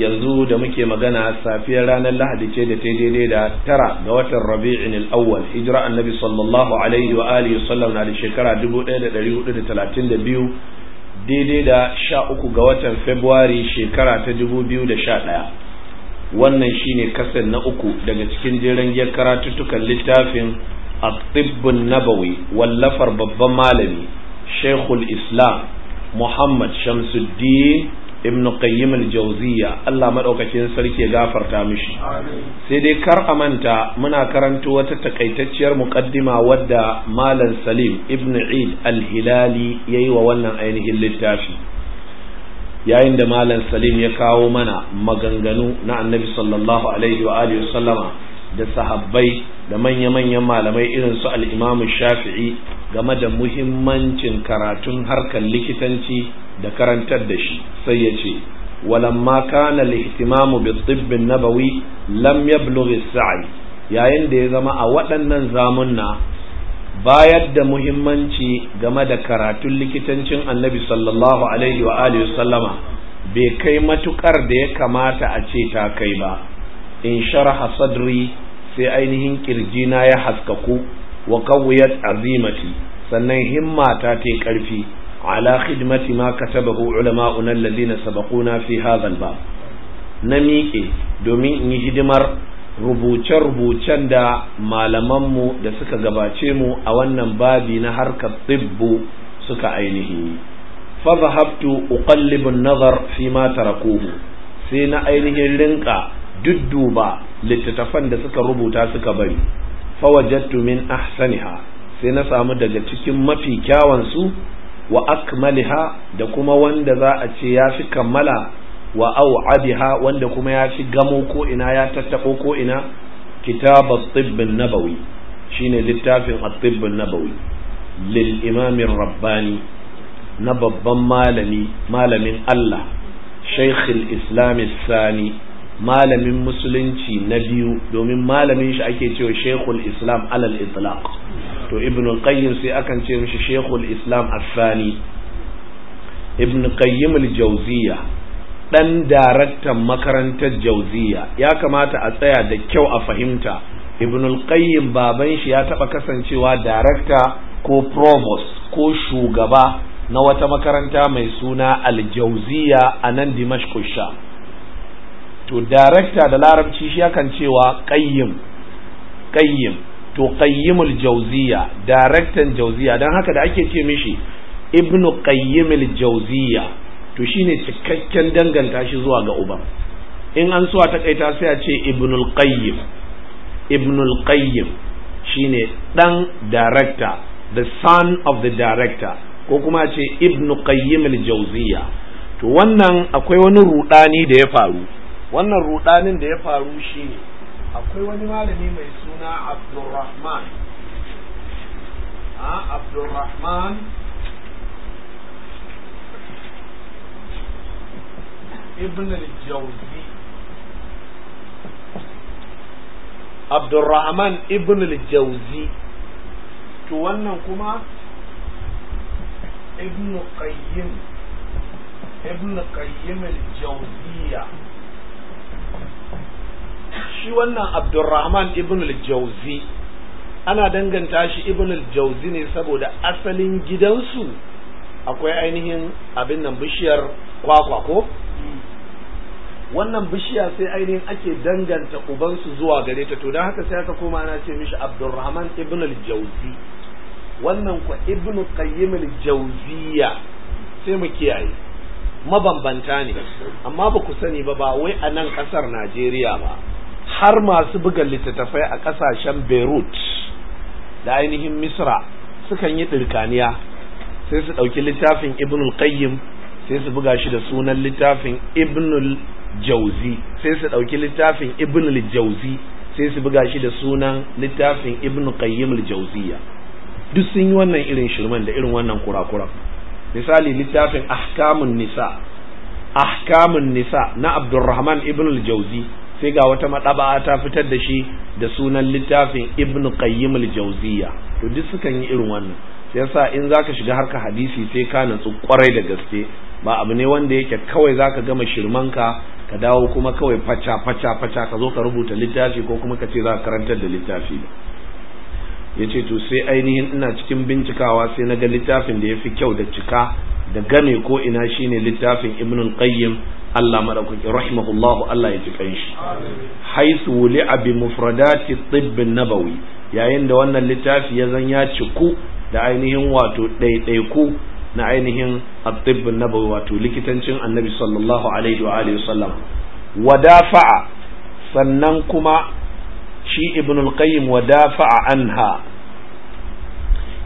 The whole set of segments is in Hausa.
yanzu da muke magana safiyar ranar lahadi ce da ta daidai da tara ga watan rabi'in al-awwal hijira annabi sallallahu alaihi wa alihi sallam na da shekara 1432 daidai da 13 ga watan february shekara ta 2011 wannan shine kasan na uku daga cikin jiran ya karatuttukan littafin at-tibbun nabawi wallafar babban malami shaykhul islam muhammad shamsuddin ibn qayyim al-jawziya Allah madaukakin sarki ya gafarta mishi sai dai kar a manta muna karanto wata takaitacciyar muqaddima wadda malam salim ibn eid al-hilali yayi wa wannan ainihin littafi yayin da malam salim ya kawo mana maganganu na annabi sallallahu alaihi wa alihi sallama da sahabbai da manya-manyan malamai irin su al'imamu shafi'i game da muhimmancin karatun harkar likitanci da karantar da shi sai ya ce walamma kana lihtimamu bi tsibbin nabawi lam yablughi sa'i yayin da ya zama a waɗannan zamunna bayar da muhimmanci game da karatun likitancin annabi sallallahu alaihi wa alihi sallama bai kai matuƙar da ya kamata a ce ta kai ba in sharha sadri sai ainihin kirjina ya haskaku wa qawwiyat azimati sannan himma ta karfi ala khidmati ma katabahu ulama'una alladhina sabaquna fi hadha al-bab na miƙe domin in yi hidimar rubuce-rubucen da malamanmu da suka gabace mu a wannan babi na harkar tsibbu suka ainihi fazahabtu uqallibun nazar fi ma tarakuhu sai na ainihin rinka dudduba littattafan da suka rubuta suka bari fawajattu min ahsaniha sai na samu daga cikin mafi kyawansu su wa akmaliha da kuma wanda za a ce ya fi kammala wa au'adiha wanda kuma ya fi gamo ko ina ya tattako ko ina kitab at-tibbin nabawi shine littafin at-tibbin nabawi lil imam rabbani na babban malami malamin Allah shaykh al-islam sani malamin musulunci na biyu domin malamin shi ake cewa shekul islam alal itlaq to ibn qayyim sai akan ce mishi shekul islam Sani. ibn qayyim al-jawziya dan daraktan makarantar jawziya ya kamata a tsaya da kyau a fahimta ibn qayyim baban shi ya taba kasancewa darakta ko provost ko shugaba na wata makaranta mai suna Aljauziya a nan dimashq sha to director da larabci shi yakan cewa qayyim qayyim to qayyimul jawziya daraktan jawziya dan haka da ake ce mishi ibnu qayyimul jawziya to shine cikakken danganta shi zuwa ga uban in an so a takaita sai a ce ibnul qayyim ibnul qayyim shine dan director the son of the director ko kuma ce ibnu qayyimul jawziya to wannan akwai wani rudani da ya faru wannan rudanin da ya faru shi ne akwai wani malami mai suna abdurrahman a ah, abdurrahman ibn al-jawzi abdurrahman ibn al-jawzi to wannan kuma ibn qayyim ibn qayyim al jawziya shi wannan abdurrahman ibn al-jawzi ana danganta shi ibn al-jawzi ne saboda asalin gidansu akwai ainihin abin nan bishiyar kwakwa ko wannan bishiya sai ainihin ake danganta ubansu zuwa gare ta to don haka sai aka koma ana ce mishi abdurrahman ibn al-jawzi wannan kwa ibn qayyim al-jawziya sai mu kiyaye mabambanta ne amma ba ku sani ba ba wai a nan kasar najeriya ba har masu buga littattafai a ƙasashen beirut da ainihin misra sukan yi ɗirkaniya sai su ɗauki littafin ibnul qayyim sai su buga shi da sunan littafin ibnul jauzi sai su ɗauki littafin ibnul jauzi sai su buga shi da sunan littafin ibn qayyim al-jawziya duk sun yi wannan irin shirman da irin wannan kurakura misali littafin ahkamun nisa ahkamun nisa na Abdulrahman ibn al-jawzi sai ga wata maɗaba'a ta fitar da shi da sunan littafin ibn qayyim al-jawziya to duk sukan yi irin wannan sai yasa in zaka shiga harka hadisi sai ka natsu kwarai da gaske ba abu ne wanda yake kawai zaka gama shirmanka ka dawo kuma kawai faca faca faca ka zo ka rubuta littafi ko kuma ka ce za ka karantar da littafi ya ce to sai ainihin ina cikin bincikawa sai na ga littafin da ya fi kyau da cika da gane ko ina shine littafin ibnul qayyim Allah madaukaki rahimahullahu Allah ya ji shi haisu Wuli bi mufradati ɗibbin nabawi yayin da wannan littafi ya zan ya ciku da ainihin wato ɗaiɗaiku na ainihin at nabawi wato likitancin annabi sallallahu alaihi wa alihi wasallam wadafa'a sannan kuma shi ibn al-qayyim wadafa'a anha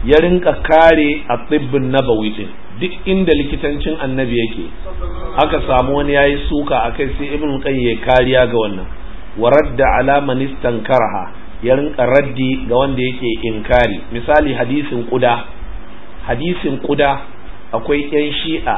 ya rinka kare at nabawi din duk inda likitancin annabi yake aka samu wani ya yi suka a kai sai ibn qayyim ya kariya ga wannan wa radda ala man istankaraha ya rinka raddi ga wanda yake inkari misali hadisin kuda hadisin kuda akwai yan shi'a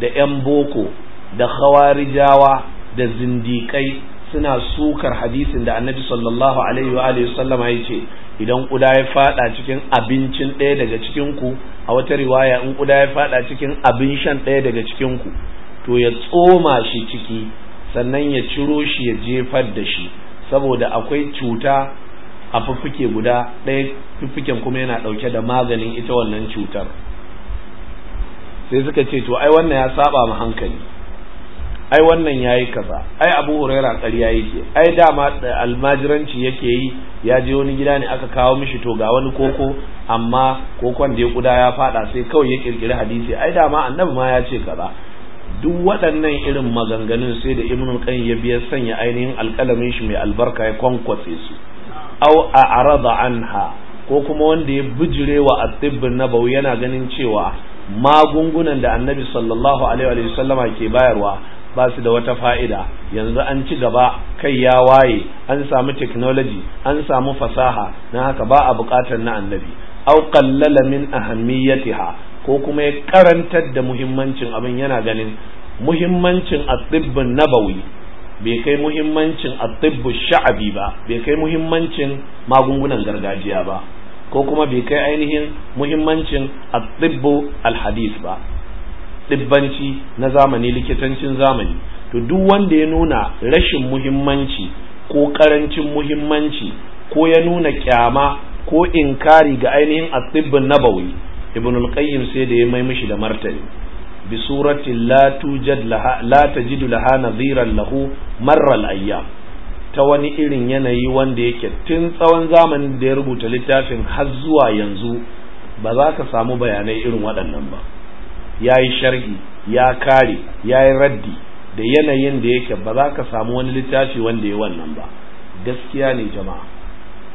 da yan boko da khawarijawa da zindikai suna sukar hadisin da annabi sallallahu alaihi wa alihi sallama ya ce idan kuda ya fada cikin abincin ɗaya daga cikin ku a wata riwaya in kuda ya fada cikin abin shan ɗaya daga cikin ku to ya tsoma shi ciki sannan ya ciro shi ya jefar da shi saboda akwai cuta a fuffuke guda ɗaya fuffuken kuma yana ɗauke da maganin ita wannan cutar sai suka ce to ai wannan ya saba ma hankali ai wannan yayi kaza ai abu huraira ƙarya yake ai dama almajiranci yake yi ya je wani gida ne aka kawo mishi to ga wani koko amma kokon da ya kuda ya fada sai kawai ya kirkiri hadisi ai dama annabi ma ya ce kaza duk waɗannan irin maganganun sai da ibnu qayyim ya biya sanya ainihin alƙalamin shi mai albarka ya kwankwatse su aw a'rada anha ko kuma wanda ya bijirewa at-tibbin nabawi yana ganin cewa magungunan da annabi sallallahu alaihi wa sallama ke bayarwa ba su da wata fa'ida yanzu an ci gaba kai ya waye an samu technology an samu fasaha na haka ba a buƙatar na annabi au qallala min ahammiyatiha ko kuma ya karantar da muhimmancin abin yana ganin muhimmancin at nabawi bai kai muhimmancin a sha'abi ba bai kai muhimmancin magungunan gargajiya ba ko kuma bai kai ainihin muhimmancin a alhadis alhadis ba ɗibbanci na zamani likitancin zamani to duk wanda ya nuna rashin muhimmanci ko ƙarancin muhimmanci ko ya nuna kyama ko inkari ga ainihin atibbin nabawi ibn al-qayyim sai da ya mai mishi da martani bi surati la tujad laha la tajidu laha nadhiran lahu marra al-ayyam ta wani irin yanayi wanda yake tun tsawon zamanin da ya rubuta littafin har zuwa yanzu ba za ka samu bayanai irin waɗannan ba ya yi sharhi ya kare ya yi raddi da yanayin da yake ba za ka samu wani littafi wanda ya wannan ba gaskiya ne jama'a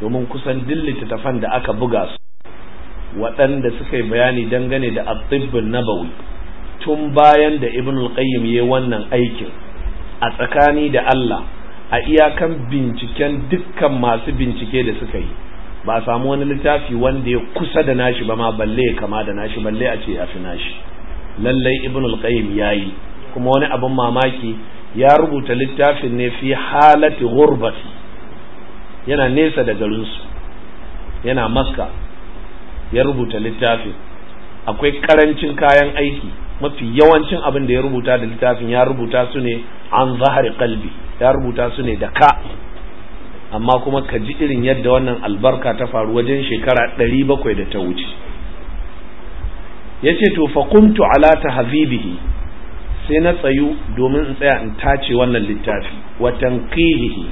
domin kusan duk littattafan da aka buga su waɗanda suka yi bayani dangane da abdibbin nabawi tun bayan da ibn al-qayyim ya wannan aikin a tsakani da Allah a iyakan binciken dukkan masu bincike da suka yi ba a samu wani littafi wanda ya kusa da nashi ba ma balle ya kama da nashi balle a ce ya fi nashi lallai ibn al-qayyim yayi kuma wani abin mamaki ya rubuta littafin ne fi halati ghurbati yana nesa da garinsu yana maska ya rubuta littafin akwai karancin kayan aiki mafi yawancin abin da ya rubuta da littafin ya rubuta su ne an zahari kalbi ya rubuta su ne da ka amma kuma ka ji irin yadda wannan albarka ta faru wajen shekara ɗari bakwai da ta wuce yace to fa qumtu ala sai na tsayu domin in tsaya in tace wannan littafi wa tanqihihi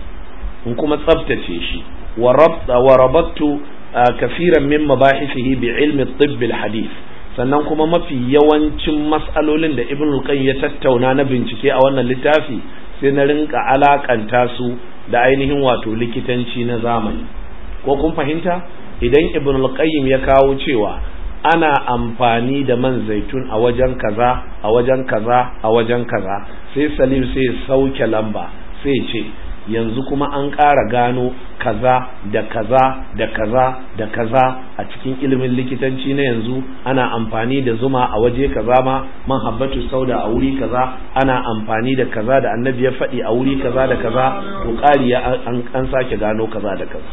in kuma tsabtace shi wa rabta wa rabattu kafiran min mabahisihi bi ilmi at-tibb al-hadith sannan kuma mafi yawancin mas'alolin da ibn ya tattauna na bincike a wannan littafi sai na rinka alakanta su da ainihin wato likitanci na zamani ko kun fahimta idan ibn ya kawo cewa ana amfani da man zaitun a wajen kaza a wajen kaza a wajen kaza sai salim sai sauke lamba sai ce yanzu kuma an ƙara gano kaza da kaza da kaza da kaza a cikin ilimin likitanci na yanzu ana amfani da zuma a waje kaza ma man habbatu sauda a wuri kaza ana amfani da kaza da annabi ya faɗi a wuri kaza da kaza to ƙari an sake gano kaza da kaza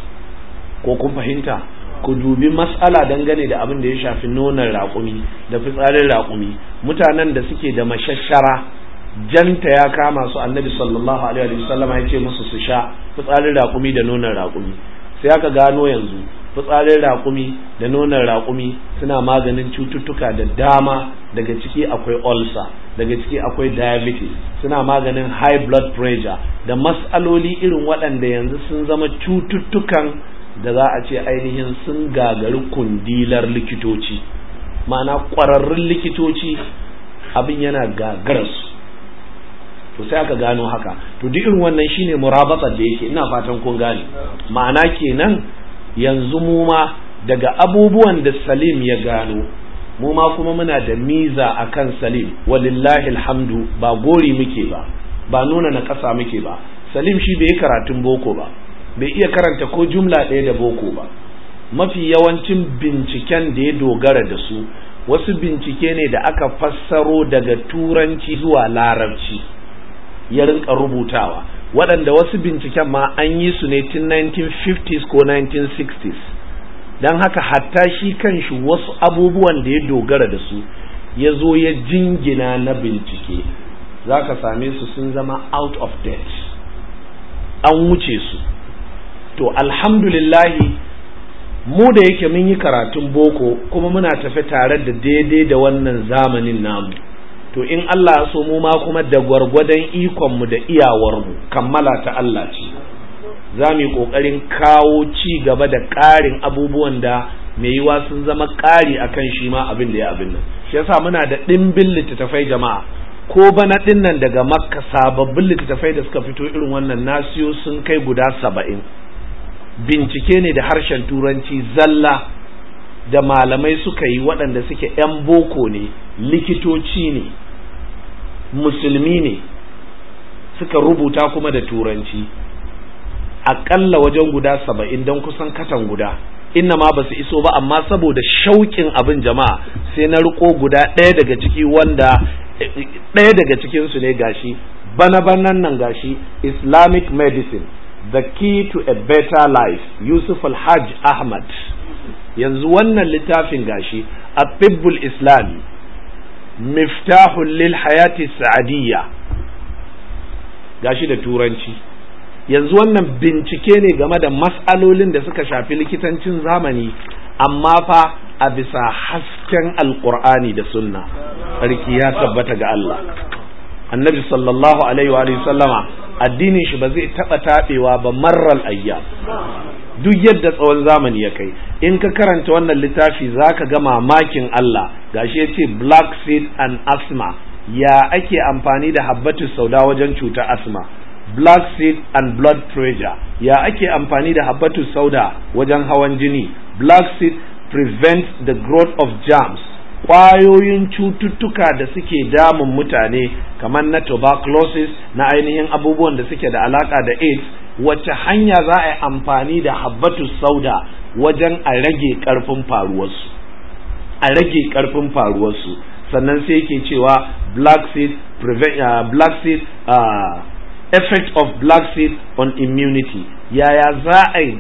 ko kun fahimta ku dubi mas'ala dangane da abin da ya shafi nonon raƙumi da fitsarin raƙumi mutanen da suke da mashashara janta ya kama su annabi sallallahu alaihi wa sallam ya ce musu su sha fitsarin raƙumi da nonon raƙumi sai aka gano yanzu fitsarin raƙumi da nonon raƙumi suna maganin cututtuka da dama daga ciki akwai ulcer daga ciki akwai diabetes suna maganin high blood pressure da mas'aloli irin waɗanda yanzu sun zama cututtukan da za a ce ainihin sun gagari kundilar likitoci ma'ana ƙwararrun likitoci abin yana gagararsu to sai aka gano haka to duk irin wannan shine murabatsar da yake ina fatan kun gane ma'ana kenan yanzu mu ma daga abubuwan da Salim ya gano mu ma kuma muna da miza akan Salim walillahi alhamdu ba gori muke ba ba nuna na ƙasa muke ba Salim shi bai karatun boko ba bai iya karanta ko jumla ɗaya da boko ba mafi yawancin binciken da ya dogara da su wasu bincike ne da aka fassaro daga turanci zuwa larabci ya rinka rubutawa waɗanda wasu binciken ma an yi su ne tun 1950s ko 1960s don haka hatta shi kan shi wasu abubuwan da ya dogara da su ya zo ya jingina na bincike za ka same su sun zama out of date an wuce su to alhamdulillahi mu da yake mun yi karatun boko kuma muna tafi tare da daidai da wannan zamanin namu to in Allah ya so mu ma kuma da gwargwadon mu da iyawarmu kammala ta Allah ce zamu mu yi ƙoƙarin kawo ci gaba da ƙarin abubuwan da mai yiwa sun zama ƙari akan shi ma abin da ya abin nan shi yasa muna da ɗimbin littattafai jama'a ko bana ɗin nan daga makka sababbin littattafai da suka fito irin wannan nasiyo sun kai guda saba'in bincike ne da harshen turanci zalla da malamai suka yi waɗanda suke 'yan boko ne likitoci ne musulmi ne suka rubuta kuma da turanci aƙalla wajen guda saba'in don kusan katan guda inna ma ba su iso ba amma saboda shauƙin abin jama'a sai na riko guda ɗaya daga ciki wanda ɗaya daga cikinsu ne gashi bana banan nan gashi islamic medicine the key to a better life yusuf alhaj ahmad yanzu wannan littafin gashi a tibbul Islam miftahul lil hayati sa'adiyya gashi da turanci yanzu wannan bincike ne game da matsalolin da suka shafi likitancin zamani amma fa a bisa hasken alkur'ani da sunna sarki ya tabbata ga Allah annabi sallallahu alaihi wa sallama addinin shi ba zai taba tabewa ba marral ayyam duk yadda tsawon zamani ya kai in ka karanta wannan littafi zaka ga mamakin Allah gashi yace black seed and asthma ya ake amfani da habbatus sauda wajen cutar asma black seed and blood pressure ya ake amfani da habbatus sauda wajen hawan jini black seed prevents the growth of germs kwayoyin cututtuka da suke damun mutane kamar na tuberculosis na ainihin abubuwan da suke da alaka da AIDS wacce hanya za a yi amfani da habbatu sauda wajen a rage karfin faruwarsu a rage karfin faruwarsu sannan sai yake cewa black seed prevent uh, black seed uh, effect of black seed on immunity yaya za a yi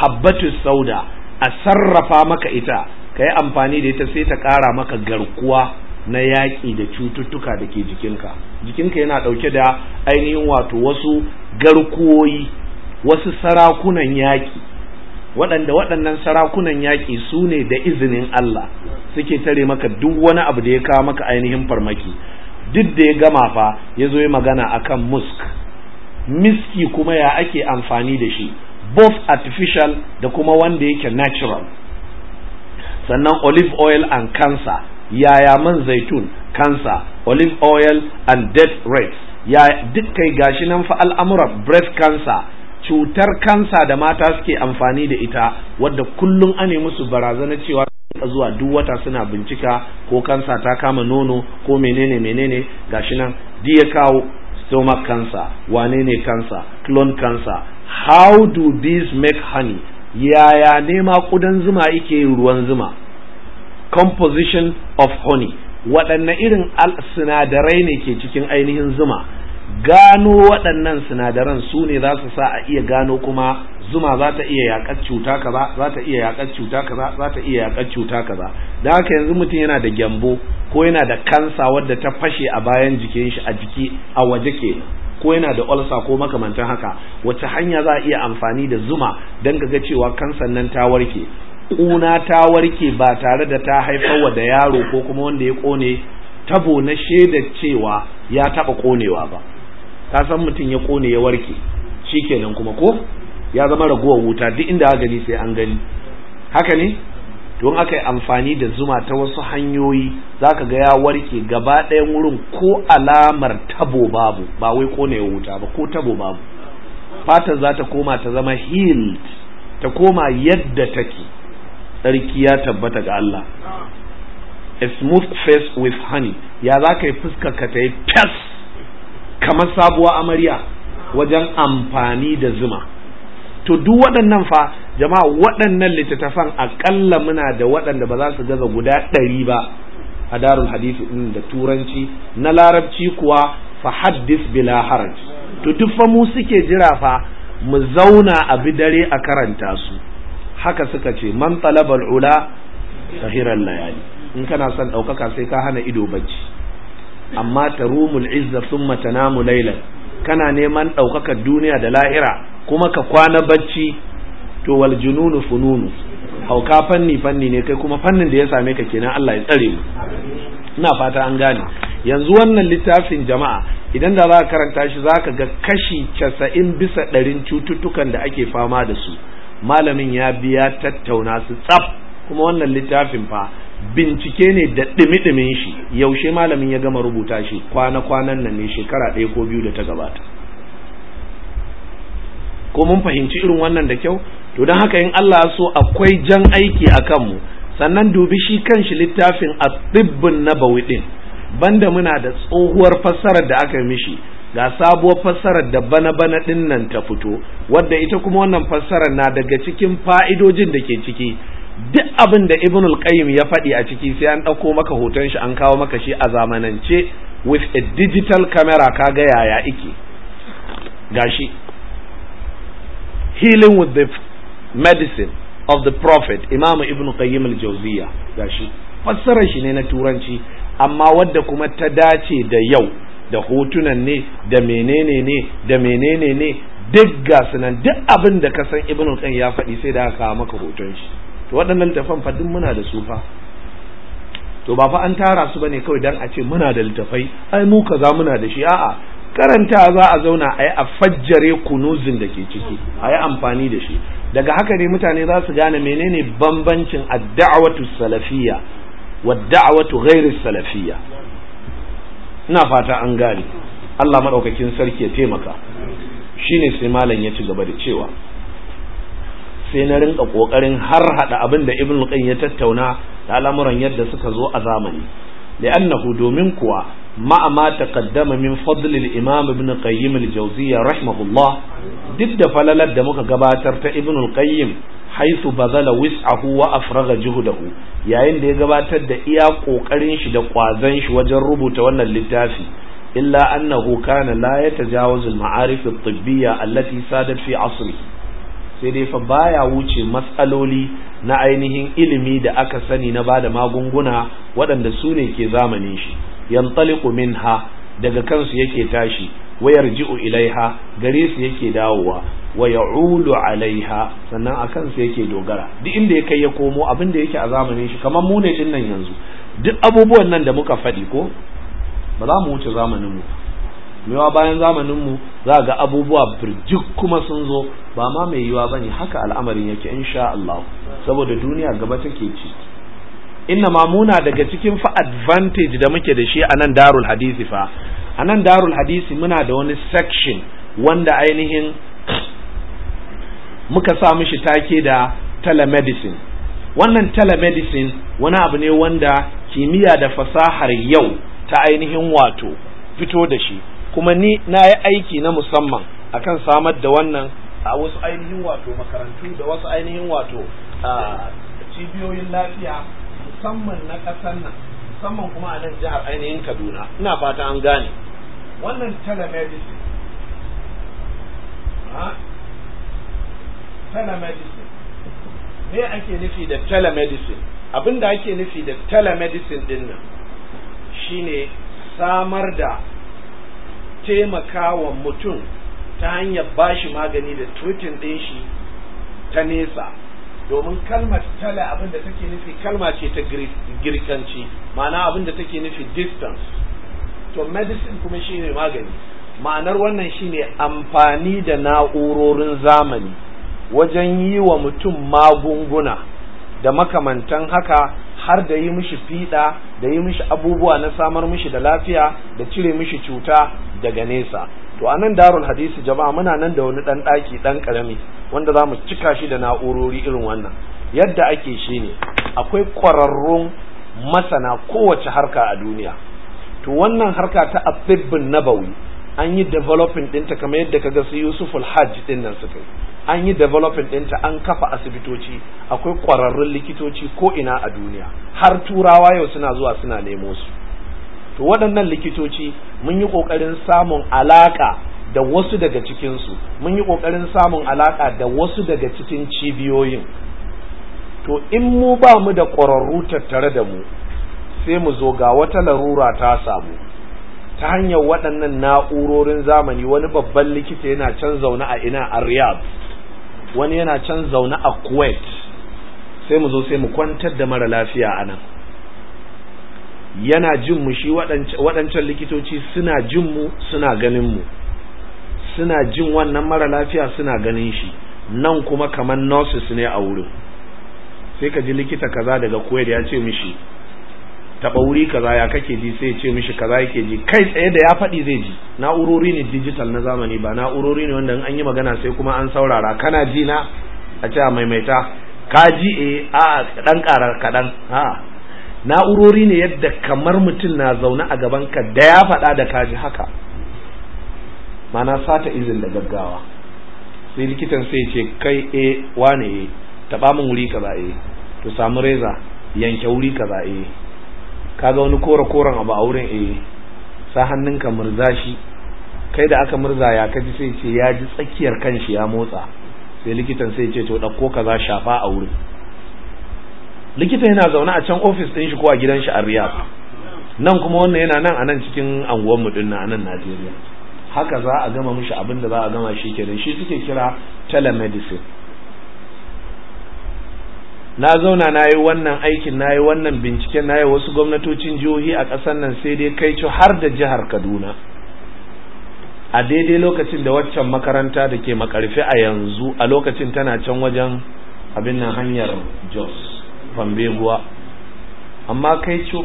habbatu sauda a sarrafa maka ita ka yi amfani da ita sai ta ƙara maka garkuwa na yaƙi da cututtuka da ke jikinka jikinka yana ɗauke da ainihin wato wasu garkuwoyi wasu sarakunan yaƙi waɗanda waɗannan sarakunan yaƙi su ne da izinin Allah suke tare maka duk wani abu da ya kawo maka ainihin farmaki duk da ya gama fa ya zo ya magana akan musk miski kuma ya ake amfani da shi both artificial da kuma wanda yake natural sannan olive oil and cancer yaya man zaitun cancer olive oil and death rates ya dukkai gashi nan fa al'amura breast cancer cutar kansa da mata suke amfani da ita wadda kullum ane musu barazana cewa zuwa duk wata suna bincika ko kansa ta kama nono ko menene menene gashi nan ya kawo stomach cancer wane ne cancer clone cancer how do these make honey yaya nema kudan zuma yake yin ruwan zuma composition of honey waɗanne irin sinadarai ne ke cikin ainihin zuma gano waɗannan sinadaran su ne za su sa a iya gano kuma zuma za ta iya yaƙar cuta kaza za ta iya yaƙar cuta kaza za ta iya yaƙar cuta kaza da haka yanzu mutum yana da gyambo ko yana da kansa wadda ta fashe a bayan jikin shi a jiki a waje kenan ko yana da ulcer ko makamantan haka wace hanya za a iya amfani da zuma don ga cewa kansan nan ta warke kuna ta warke ba tare da ta haifar wa da yaro ko kuma wanda ya ƙone tabo na shaidar cewa ya taɓa ƙonewa ba ta san mutum ya kone ya warke shikenan kuma ko ya zama ragowar wuta duk inda gani sai an gani haka ne don aka yi amfani da zuma ta wasu hanyoyi za ka ga ya warke gaba ɗayan wurin ko alamar tabo babu ba wai kone ya wuta ba ko tabo babu fatar za ta koma ta zama healed ta koma yadda take tsarki ya tabbata ga Allah a smooth face with honey ya za ka yi fuska ka ta yi fes kamar sabuwa amarya wajen amfani da zuma to duk waɗannan fa jama'a waɗannan littattafan aƙalla muna da waɗanda ba za su gaza guda ɗari ba a darul hadisi ɗin da turanci na larabci kuwa fa haddis bila haraj to duk fa mu suke jira fa mu zauna a bi dare a karanta su haka suka ce man talabal ula sahiran layali in kana son ɗaukaka sai ka hana ido bacci amma tarumul izza summa tanamu laylan kana neman ɗaukakar duniya da lahira kuma ka kwana bacci to wal jununu fununu hauka fanni fanni ne kai kuma fannin da ya same ka kenan Allah ya tsare mu ina fata an gane yanzu wannan littafin jama'a idan da za ka karanta shi za ka ga kashi casa'in bisa ɗarin cututtukan da ake fama da su malamin ya biya tattauna su tsaf kuma wannan littafin fa bincike ne da ɗimi-ɗimin shi yaushe malamin ya gama rubuta shi kwana-kwanan nan ne shekara ɗaya ko biyu da ta gabata ko mun fahimci irin wannan da kyau to don haka in Allah so akwai jan aiki a kanmu sannan dubi shi kan shi littafin a na nabawi din banda muna da tsohuwar fassarar da aka mishi ga sabuwar fassarar da bana bana din nan ta fito wadda ita kuma wannan fassarar na daga cikin fa'idojin da ke ciki duk abin da ibn qayyim ya faɗi a ciki sai an ɗauko maka hoton shi an kawo maka shi a zamanance with a digital camera kaga yaya ike gashi healing with the medicine of the prophet imam ibn qayyim al-jawziya gashi fassarar shi ne na turanci amma wadda kuma ta dace da yau da hotunan ne da menene ne da menene ne duk gasu nan duk abin da ka san ibn qayyim ya faɗi sai da aka kawo maka hoton shi to waɗannan tafan fa duk muna da su fa to ba fa an tara su bane kawai dan a ce muna da littafai ai mu kaza muna da shi a'a karanta za a zauna a yi a fajjare kunuzin da ke ciki a yi amfani da shi daga haka ne mutane za su gane menene bambancin adda'awatu salafiyya wa da'awatu ghairu salafiyya ina fata an gane Allah madaukakin sarki ya taimaka shine sai malam ya ci gaba da cewa sai na rinka kokarin har hada abin da ibn qayyim ya tattauna da al'amuran yadda suka zo a zamani li'annahu domin kuwa ma'ama ma taqaddama min fadl al-imam ibn qayyim al-jawziyya rahimahullah duk da falalar da muka gabatar ta ibn al-qayyim haythu bazala wis'ahu wa afraga juhdahu yayin da ya gabatar da iya kokarin shi da kwazon shi wajen rubuta wannan littafi illa annahu kana la yatajawazu al-ma'arif at-tibbiyya allati sadat fi sai dai fa baya wuce matsaloli na ainihin ilimi da aka sani na bada magunguna waɗanda su ne ke zamanin shi yantaliqu minha daga kansu yake tashi wayar ji'u ilaiha gare su yake dawowa wa ya'ulu alaiha sannan a kansu yake dogara duk inda ya kai ya komo abin da yake a zamanin shi kamar mu ne din nan yanzu duk abubuwan nan da muka faɗi ko ba za mu wuce zamanin mu mewa bayan zamanin mu za ga abubuwa birjik kuma sun zo ba ma mai yiwa bane haka al'amarin yake insha Allah saboda duniya gaba take ci inna mamuna daga cikin fa advantage da muke da shi a nan darul hadisi fa a nan darul hadisi muna da wani section wanda ainihin muka sa mishi take da telemedicine wannan telemedicine wani abu ne wanda kimiyya da fasahar yau ta ainihin wato fito da shi kuma ni na yi aiki na musamman akan samar da wannan a wasu ainihin wato makarantu da wasu ainihin wato cibiyoyin lafiya musamman na ƙasar nan musamman kuma a nan jihar ainihin kaduna ina fata an gane wannan telemedicine telemedicine me ake nufi da telemedicine abin da ake nufi da telemedicine din nan shine samar da Taimakawa mutum ta hanyar ba shi magani da tutin ɗin shi ta nesa domin kalmar tala abin take nufi kalma ce ta girkanci ma'ana abin take nufi distance to medicine kuma shi ne magani ma'anar wannan shi ne amfani da na'urorin zamani wajen yi wa mutum magunguna da makamantan haka har da yi mishi fiɗa da yi mishi abubuwa na samar mishi da lafiya da cire mishi cuta daga nesa to a nan darul hadisi jama'a muna nan da wani ɗan ɗaki ɗan ƙarami wanda za mu cika shi da na'urori irin wannan yadda ake shi ne akwai ƙwararrun masana kowace harka a duniya to wannan harka ta asibbin nabawi an yi developing ɗinta kamar yadda ka ga su yusuful hajj ɗin nan suka yi an yi developing ɗinta an kafa asibitoci akwai ƙwararrun likitoci ko ina a duniya har turawa yau suna zuwa suna nemo su to waɗannan likitoci mun yi ƙoƙarin samun alaƙa da wasu daga cikinsu mun yi ƙoƙarin samun alaƙa da wasu daga cikin cibiyoyin to in mu ba mu da ƙwararru tattare da mu sai mu zo ga wata larura ta samu ta hanyar waɗannan na'urorin zamani wani babban likita yana can zaune a ina a riyadh wani yana can zaune a kuwait sai mu zo sai mu kwantar da mara lafiya a nan yana jin mu shi waɗancan likitoci suna jin mu suna ganin mu suna jin wannan mara lafiya suna ganin shi nan kuma kamar nurses ne a wurin sai ka ji likita kaza daga kuwait ya ce mishi taba wuri kaza ya kake ji sai ce mishi kaza yake ji kai tsaye da ya faɗi zai ji na'urori ne digital na zamani ba na'urori ne wanda an yi magana sai kuma an saurara kana ji na a ce maimaita ka ji e eh, a dan kaɗan a na'urori ne yadda kamar mutum na zaune a gaban ka da ya faɗa da kaji haka mana sata izin da gaggawa sai likitan sai ce kai e wane e taɓa min wuri kaza e to samu reza yanke wuri kaza e Ka ga wani kore-koren abu a wurin eh sa hannunka murza shi kai da aka murza ya kaji sai ce ya ji tsakiyar kanshi ya motsa sai likitan sai ce to ɗauko za shafa a wurin likita yana zaune a can ofis ɗin shi ko a gidan shi a riyadh nan kuma wannan yana nan a nan cikin anguwan mu din a nan Najeriya haka za a gama mishi abin da za a gama shi kenan shi suke kira telemedicine na zauna na yi wannan aikin na yi wannan binciken na yi wasu gwamnatocin jihohi a ƙasar nan sai dai kai ci har da jihar kaduna a daidai lokacin da waccan makaranta da ke makarfi a yanzu a lokacin tana can wajen abin nan hanyar jos fambeguwa amma kai ci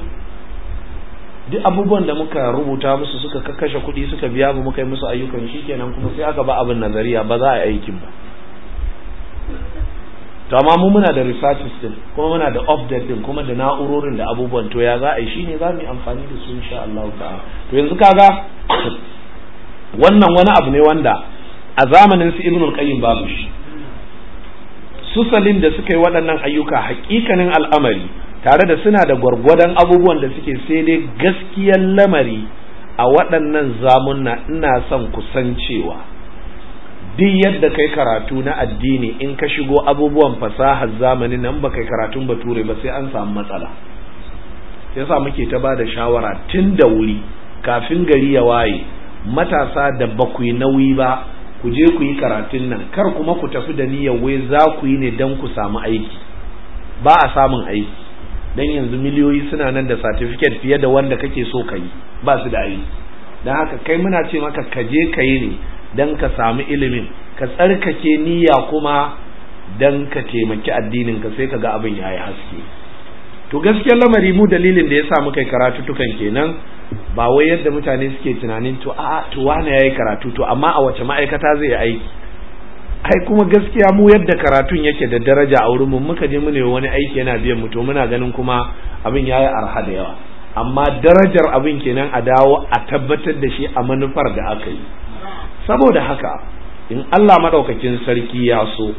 duk abubuwan da muka rubuta musu suka kakkashe kuɗi suka biya mu muka yi musu ayyukan shikenan kuma sai aka ba abin nazariya ba za a yi aikin ba to amma mu muna da researches din kuma muna da update din kuma da na'urorin da abubuwan to ya za a yi shine za mu yi amfani da su insha Allah ta'ala to yanzu kaga wannan wani abu ne wanda a zamanin su ibnul qayyim babu shi su salim da suka yi waɗannan ayyuka hakikanin al'amari tare da suna da gwargwadon abubuwan da suke sai dai gaskiyar lamari a waɗannan zamunna ina son kusancewa duk yadda kai karatu na addini in ka shigo abubuwan fasahar zamani nan ba kai karatun bature ba sai an samu matsala yasa muke ta ba da shawara tun da wuri kafin gari ya waye matasa da ba ku yi nauyi ba ku je ku yi karatun nan kar kuma ku tafi da niyyar wai za ku yi ne don ku samu aiki ba a samun aiki don yanzu miliyoyi suna nan da satifiket fiye da wanda kake so ka yi ba su da aiki don haka kai muna ce maka ka je ka yi ne Dan ka samu ilimin ka tsarkake niyya kuma don ka taimaki addinin ka sai ka ga abin ya yi haske to gaskiya lamari mu dalilin da ya sa muka karatutukan kenan ba wai yadda mutane suke tunanin to a to wani ya yi karatu to amma a wace ma'aikata zai yi aiki ai kuma gaskiya mu yadda karatun yake da daraja a wurin mu muka je mu ne wani aiki yana biyan mu to muna ganin kuma abin ya yi arha da yawa amma darajar abin kenan a dawo a tabbatar da shi a manufar da aka yi saboda haka in Allah madaukakin sarki ya so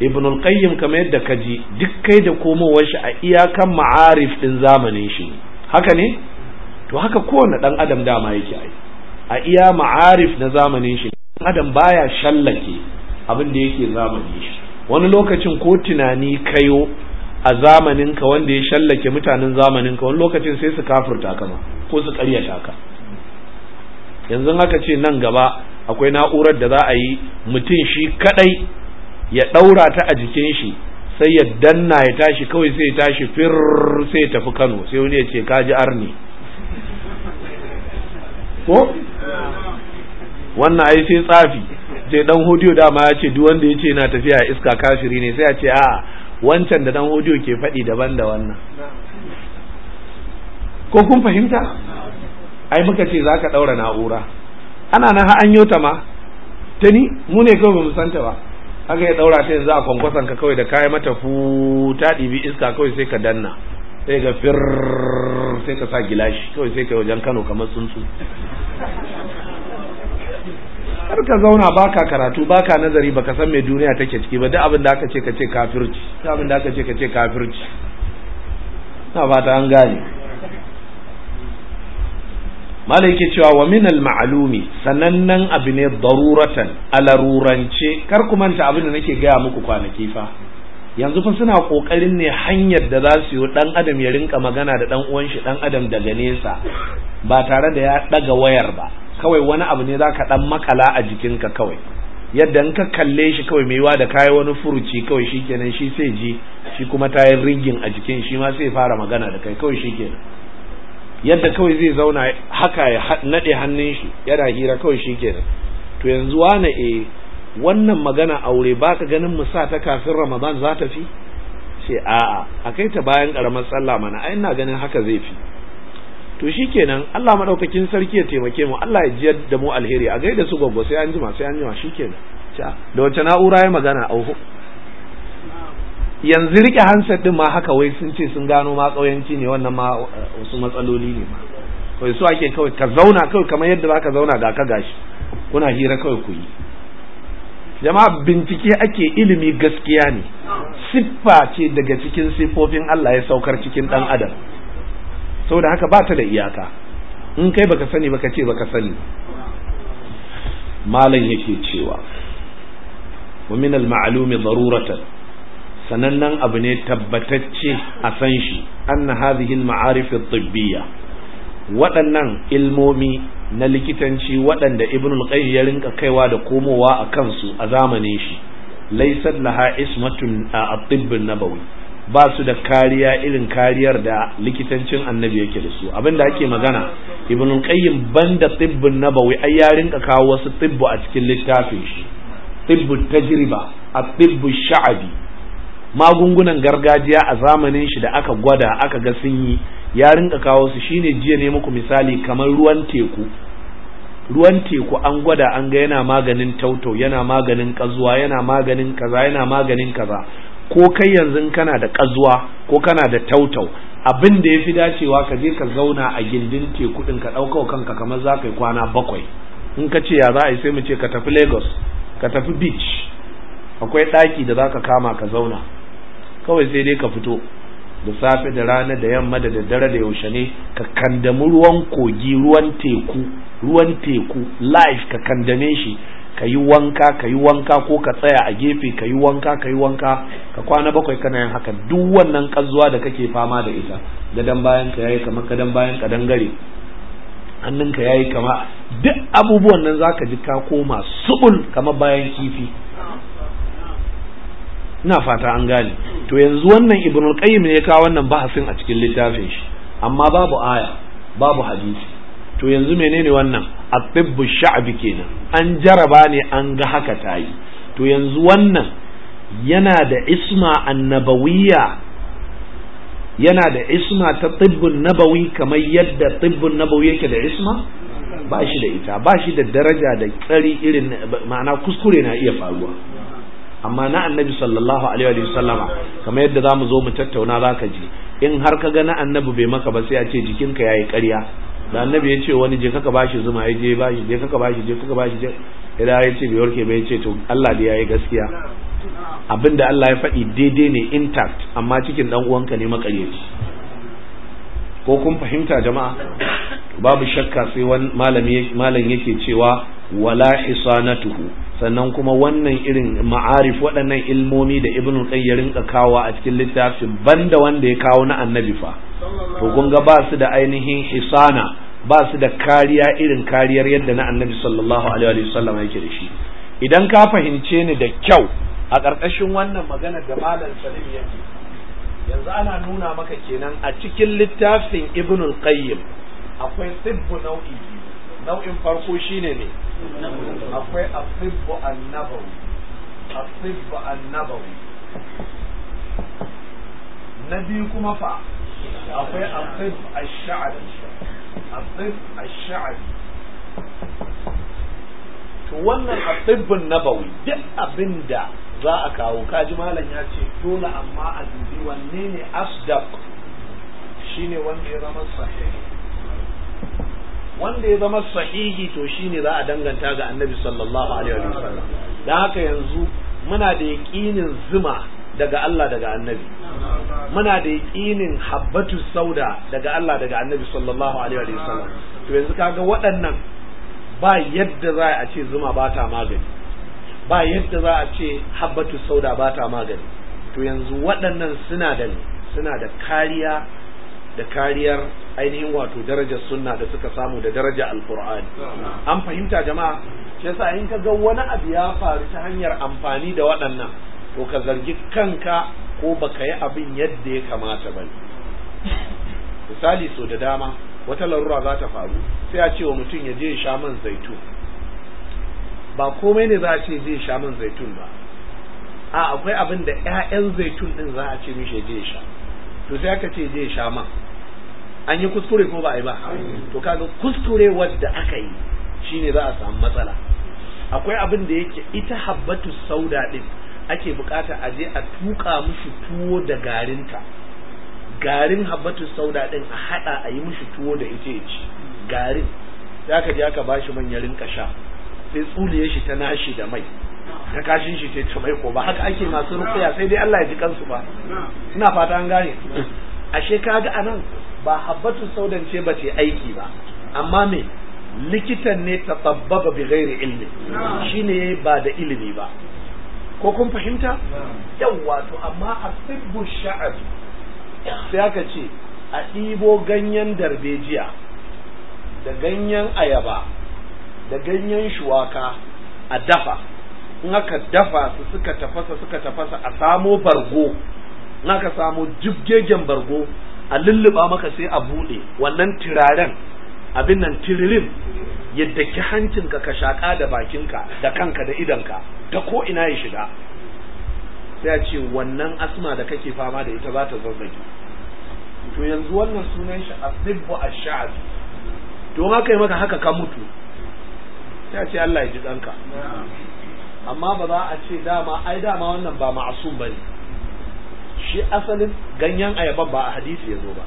ibn al-qayyim kamar yadda ka ji duk kai da komowar shi a iyakan ma'arif din zamanin shi haka ne to haka kowane dan adam dama yake ai a iya ma'arif na zamanin shi adam baya shallake abin da yake zamanin shi wani lokacin ko tunani kayo a zamanin ka wanda ya shallake mutanen zamanin ka wani lokacin sai su kafurta ka ma ko su karyata ka yanzu haka ce nan gaba akwai na'urar da za a yi mutum shi kadai ya daura ta a jikin shi sai ya danna ya tashi kawai sai ya tashi fir sai ya tafi Kano sai wani ya ce kaji arni ko wannan ai sai tsafi sai dan hodiyo dama ya ce duk wanda ya ce yana tafiya iska kafiri ne sai ya ce a'a wancan da dan hodiyo ke faɗi daban da wannan ko kun fahimta ai muka ce zaka daura na'ura ana na an ta ma ta ni mu ne kawai bamu santa ba haka ya daura ta yanzu a kwankwason ka kawai da kayi mata fu ta ɗibi iska kawai sai ka danna sai ga fir sai ka sa gilashi kawai sai ka wajen Kano kamar tsuntsu kar ka zauna baka karatu baka nazari baka san me duniya take ciki ba duk abin da aka ce ka ce kafirci duk abin da aka ce ka ce kafirci na fata an gane malai yake cewa wa min al-ma'lumi sanannen abu ne daruratan alarurance kar ku manta abin da nake gaya muku kwanaki fa yanzu fa suna kokarin ne hanyar da za su yi dan adam ya rinka magana da dan uwan shi dan adam daga nesa ba tare da ya daga wayar ba kawai wani abu ne zaka dan makala a jikinka kawai yadda in ka kalle shi kawai mai yiwa da kayi wani furuci kawai shikenan shi sai ji shi kuma tayin ringin a jikin shi ma sai fara magana da kai kawai shikenan yadda kawai zai zauna haka ya naɗe hannun shi yana hira kawai shi kenan to yanzu wane e wannan magana aure baka ganin mu sa ta kafin ramadan za ta fi ce a'a a kai ta bayan karamar sallah mana ai ina ganin haka zai fi to shi shikenan Allah madaukakin sarki ya taimake mu Allah ya jiyar da mu alheri a gaida su gwaggo sai an jima sai an jima shikenan da wace na'ura ya magana auho yanzu rike hansar din ma haka wai sun ce sun gano ma tsawayanci ne wannan ma uh, wasu matsaloli ne ma kawai su ake kawai ka zauna kawai kamar yadda za ka zauna ga ka gashi kuna hira kawai ku yi jama'a bincike ake ilimi gaskiya ne siffa ce daga cikin sifofin Allah ya saukar cikin dan adam saboda haka ba ta da iyaka in kai baka sani baka ce baka sani malam yake cewa wa min al-ma'lumi sanannen abu ne tabbatacce a san shi an hadhihi al-ma'arif waɗannan ilmomi na likitanci waɗanda ibn al-qayyim ya rinka kaiwa da komowa a kansu a zamanin shi laysat laha ismatun at-tibb nabawi ba su da kariya irin kariyar da likitancin annabi yake da su da ake magana ibn al-qayyim banda tibbun nabawi ai ya rinka kawo wasu tibbu a cikin littafin shi tibbu tajriba at-tibbu sha'bi magungunan gargajiya a zamanin shi da aka gwada aka ga sun yi ya rinka kawo su shine jiya ne muku misali kamar ruwan teku ruwan teku an gwada an ga yana maganin tautau yana maganin kazuwa yana maganin kaza yana maganin kaza ko kai yanzu kana da kazuwa ko kana da tautau abin da yafi dacewa ka je ka zauna a gindin teku din ka ɗauka kanka kamar za ka yi kwana bakwai in ka ce ya za a yi sai mu ce ka tafi lagos ka tafi beach akwai ɗaki da za ka kama ka zauna kawai sai dai ka fito da safe da rana da yamma da daddare da yaushe ne ka kandami ruwan kogi ruwan teku ruwan teku life ka kandame shi ka yi wanka ka yi wanka ko ka tsaya a gefe ka yi wanka ka yi wanka ka kwana bakwai kana yin haka duk wannan kazuwa da kake fama da ita gadon bayan ka yayi kamar gadon bayan ka dangare hannunka yayi kama duk abubuwan nan zaka ji ka koma subul kamar bayan kifi ina fata an gane to yanzu wannan ibn al-qayyim ne ya kawo wannan bahasin a cikin littafin shi amma babu aya babu hadisi to yanzu menene wannan atibbu sha'bi kenan an jaraba ne an ga haka tayi to yanzu wannan yana da isma annabawiyya yana da isma ta tibbun nabawi kamar yadda tibbun nabawi yake da isma ba shi da ita ba shi da daraja da tsari irin ma'ana kuskure na iya faruwa amma na annabi sallallahu alaihi wa sallama kamar yadda za mu zo mu tattauna za ka ji in har ka ga na annabi bai maka ba sai a ce jikinka ya yi ƙarya da annabi ya ce wani je kaka bashi zuma ya je bashi je kaka bashi je kaka bashi je idan ya ce bai warke bai ce to Allah da ya yi gaskiya abinda Allah ya faɗi daidai ne intact amma cikin ɗan uwanka ne makaryaci ko kun fahimta jama'a babu shakka sai wani malami malam yake cewa wala isanatuhu sannan kuma wannan irin ma'arif waɗannan ilmomi da ibnu qayyim ya rinka kawo a cikin littafin banda wanda ya kawo na annabi fa to kun ga ba su da ainihin hisana ba su da kariya irin kariyar yadda na annabi sallallahu alaihi wa sallam yake da shi idan ka fahimce ni da kyau a ƙarƙashin wannan magana da malam salim yake yanzu ana nuna maka kenan a cikin littafin Ibn qayyim akwai sibbu nau'i nau'in farko shine ne akwai asibbu annabawi asibbu annabawi na biyu kuma fa akwai asib ash-sha'ri asib ash-sha'ri to wannan asibbun nabawi duk abinda za a kawo kaji malam ya ce dole amma a dubi wanne ne asdaq shine wanda ya zama sahihi wanda ya zama sahihi to shine za a danganta ga annabi sallallahu alaihi wasallam dan haka yanzu muna da yaqinin zuma daga Allah daga annabi muna da yaqinin habbatu sauda daga Allah daga annabi sallallahu alaihi wasallam to yanzu kaga waɗannan ba yadda za a ce zuma ba ta magani ba yadda za a ce habbatu sauda ba ta magani to yanzu waɗannan suna da suna da kariya da kariyar ainihin wato darajar sunna da suka samu da daraja alkur'ani an fahimta jama'a shi yasa in ka ga wani abu ya faru ta hanyar amfani da waɗannan to ka zargi kanka ko baka yi abin yadda ya kamata ba misali so da dama wata larura za ta faru sai a ce wa mutum ya je sha man zaitun ba komai ne za a ce je sha man zaitun ba a akwai abin da 'ya'yan zaitun din za a ce mishi ya je sha to sai aka ce zai sha man an yi kuskure ko ba a yi ba to kaga kuskure wadda aka yi shine za a samu matsala akwai abin da yake ita habbatu sauda din ake bukata a je a tuka mushi tuwo da garinta garin habbatu sauda din a hada a yi mushi tuwo da ita ya ci garin sai aka je aka bashi manyan rinka sha sai tsuliye shi ta nashi da mai da kashin shi ce tumai ko ba haka ake masu rukuya sai dai Allah ya ji kansu ba ina fata an gane ashe kaga anan ba habbatu saudan ce ba ce aiki ba amma me likitan ne ta tsabbaba bi ghairi ilmi shine ba da ilimi ba ko kun fahimta yawa to amma asibbu sha'ab sai aka ce a ɗibo ganyen darbejiya da ganyen ayaba da ganyen shuwaka a dafa in aka dafa su suka tafasa suka tafasa a samo bargo in aka samo jibgegen bargo a lulluba maka sai a buɗe wannan turaren abin nan tiririn yadda ki hancinka ka shaƙa da bakinka da kanka da idanka ta ko ina ya shiga sai a ce wannan asma da kake fama da ita za ta zazzage to yanzu wannan sunan shi asibbu ash-sha'bi to ma kai maka haka ka mutu sai a ce Allah ya ji ɗanka amma ba za a ce dama ai dama wannan ba ba ne. shi asalin ganyen ayaban ba a hadisi ya zo ba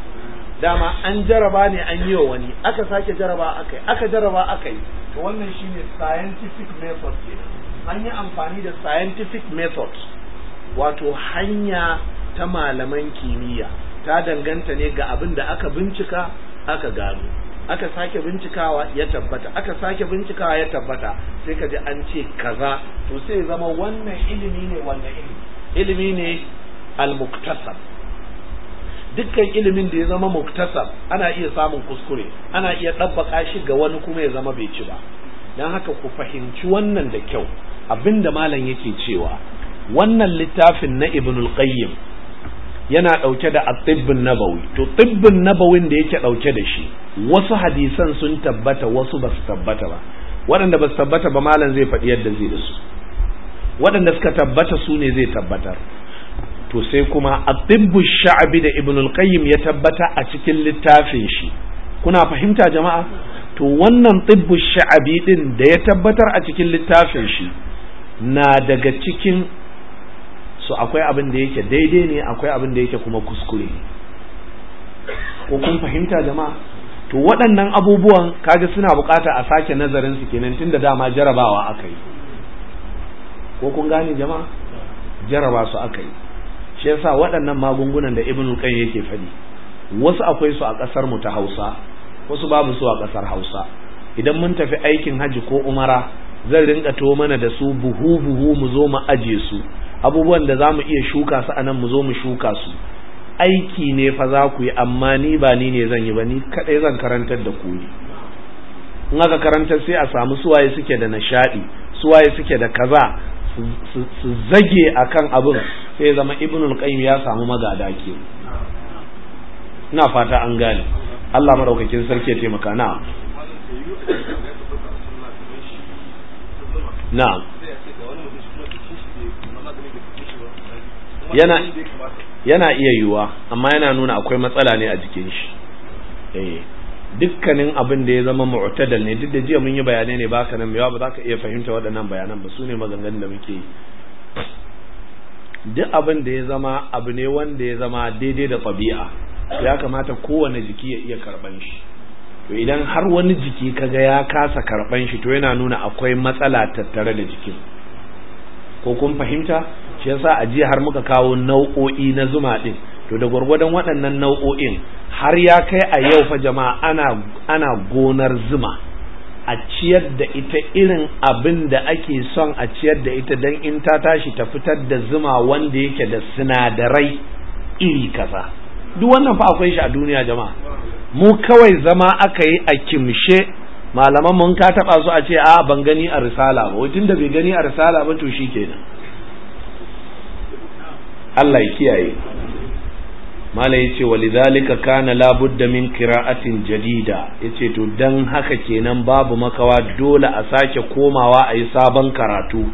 dama an jaraba ne an yi wa wani aka sake jaraba aka yi, aka jaraba aka yi. to wannan shine scientific method ke an yi amfani da scientific method wato hanya ta malaman kimiyya ta danganta ne ga abin da aka bincika aka gano aka sake bincikawa ya tabbata aka sake bincikawa ya tabbata sai ka ji an ce kaza to sai zama wannan ilimi ne wannan ilimi ilimi ne al-muktasab dukkan ilimin da ya zama muktasab ana iya samun kuskure ana iya ɗabbaka shi ga wani kuma ya zama bai ci ba don haka ku fahimci wannan da kyau abinda malam yake cewa wannan littafin na ibnul qayyim yana ɗauke da atibbin nabawi to tibbin nabawin da yake ɗauke da shi wasu hadisan sun tabbata wasu ba su tabbata ba waɗanda ba su tabbata ba malam zai faɗi yadda zai da su waɗanda suka tabbata su ne zai tabbatar to sai kuma atibbu sha'abi da ibn al-qayyim ya tabbata a cikin littafin shi kuna fahimta jama'a to wannan tibbu sha'abi din da ya tabbatar a cikin littafin shi na daga cikin so akwai abin da yake daidai ne akwai abin da yake kuma kuskure ko kun fahimta jama'a to waɗannan abubuwan kaga suna bukata a sake nazarin su kenan tunda dama jarabawa aka yi ko kun gane jama'a jaraba su aka yi shi yasa waɗannan magungunan da ibnu qayyim yake faɗi wasu akwai su a ƙasar mu ta Hausa wasu babu su a ƙasar Hausa idan mun tafi aikin haji ko umara zan rinka to mana da su buhu buhu mu zo mu aje su abubuwan da za mu iya shuka su a nan mu zo mu shuka su aiki ne fa za ku yi amma ni ba ni ne zan yi ba ni kaɗai zan karantar da ku ne in aka karantar sai a samu suwaye suke da nishaɗi suwaye suke da kaza su zage kan abin sai zama ibnul qayyim ya samu magada ke ina fata an gane Allah madaukakin sarki ya taimaka na na'am yana yana iya yiwuwa amma yana nuna akwai matsala ne a jikin shi eh dukkanin abin da ya zama mu'tadal ne duk da jiya mun yi bayanai ne baka nan me ba za ka iya fahimta waɗannan bayanan ba su ne maganganun da muke yi duk abin da ya zama abu ne wanda ya zama daidai da tabi'a ya kamata kowane jiki ya iya karban shi to idan har wani jiki kaga ya kasa karban shi to yana nuna akwai matsala tattare da jikin ko kun fahimta shi yasa a jiya har muka kawo nau'o'i na zuma din to da gwargwadon waɗannan nau'o'in har ya kai a yau fa jama'a ana ana gonar zuma a ciyar da ita irin abin da ake son a ciyar da ita don in ta tashi ta fitar da zuma wanda yake da sinadarai iri kaza duk wannan fa akwai shi a duniya jama'a mu kawai zama aka yi a kimshe malaman mun ka taba su a ce a ban gani a risala ba wajen da bai gani a risala ba to shi kenan. Allah ya kiyaye mala yace walidhalika kana labudda min qira'atin jadida yace to dan haka kenan babu makawa dole a sake komawa a yi sabon karatu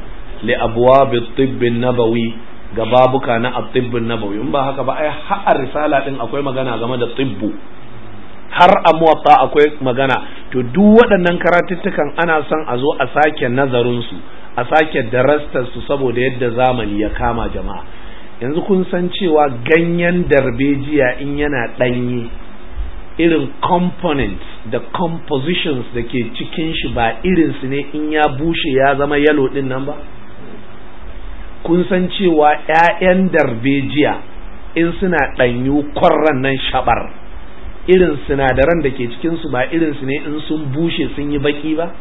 li abwab at-tibb nabawi ga babuka na at-tibb nabawi in ba haka ba ai har risala din akwai magana game da tibbu har a muwatta akwai magana to duk waɗannan karatuttukan ana son a zo a sake nazarin su a sake darastar su saboda yadda zamani ya kama jama'a yanzu kun san cewa ganyen darbejiya in yana ɗanye irin components da compositions da ke cikin shi ba irinsu ne in ya bushe ya zama yalo ɗin nan ba kun san cewa 'ya'yan darbejiya in suna ɗanyu kwarran nan shabar irin sinadaran da ke cikinsu ba irinsu ne in sun bushe sun yi baki ba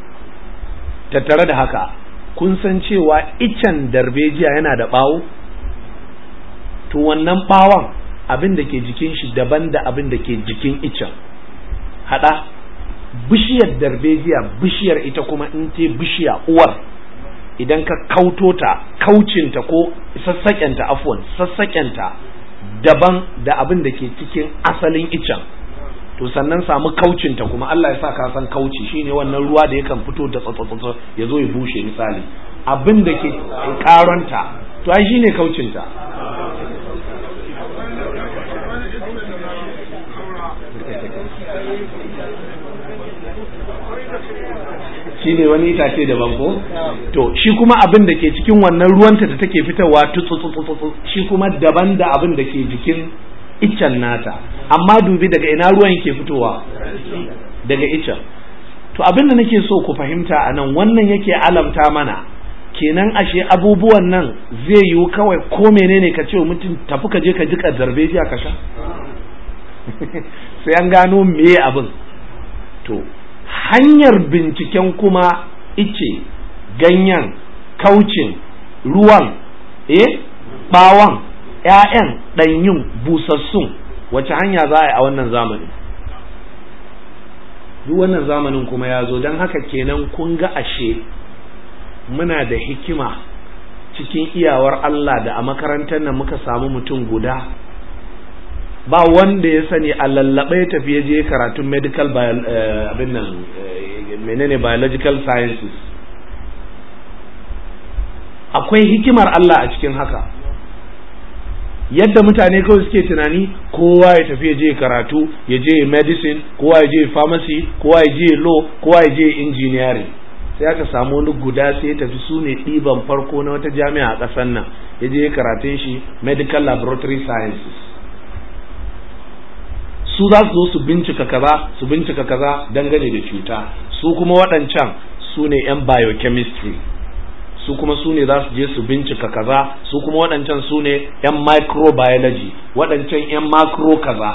tattare da haka kun san cewa icen darbejiya yana da ɓawo to wannan bawan abin da ke jikin shi daban da abin da ke jikin icen hada bishiyar darbejiya bishiyar ita kuma in ce bishiya uwar idan ka kauto ta kaucinta ko sassaƙenta afwan sassaƙenta daban da abin da ke cikin asalin icen to sannan samu kaucinta kuma Allah ya sa ka san kauci shine wannan ruwa da yakan fito da tsatsatsatsa ya zo ya bushe misali abin da ke karanta. to ai shine kaucinta shi ne wani itace daban ko to shi kuma abin da ke cikin wannan ruwanta da take fitowa tutsu shi kuma daban da abin da ke jikin iccen nata amma dubi daga ina ruwan yake fitowa daga iccen to abin da nake so ku fahimta a nan wannan yake alamta mana kenan ashe abubuwan nan zai yiwu kawai ko menene ka ce mutum tafi ka je ka jika zarbe jiya ka sha sai an gano meye abin to hanyar binciken kuma ice ganyen kaucin ruwan eh bawan ƴaƴan ɗanyun busassun wace hanya za a yi a wannan zamanin duk wannan zamanin kuma ya zo don haka kenan kun ga ashe muna da hikima cikin iyawar Allah da a makarantar nan muka samu mutum guda ba wanda ya sani a lallaɓa ya tafi je karatun medical eh, eh, menene biological sciences akwai hikimar Allah a cikin haka yadda mutane kawai suke tunani kowa ya tafi ya je karatu ya je medicine kowa ya je pharmacy kowa ya je law kowa ya je engineering sai aka samu wani guda sai ya tafi su ne ɗiban farko na wata jami'a a ƙasar nan ya je karatun shi medical laboratory sciences su za su zo su bincika kaza su bincika kaza dangane da cuta su kuma waɗancan su ne 'yan biochemistry su kuma su ne za su je su bincika kaza su kuma waɗancan su ne 'yan microbiology waɗancan 'yan macro kaza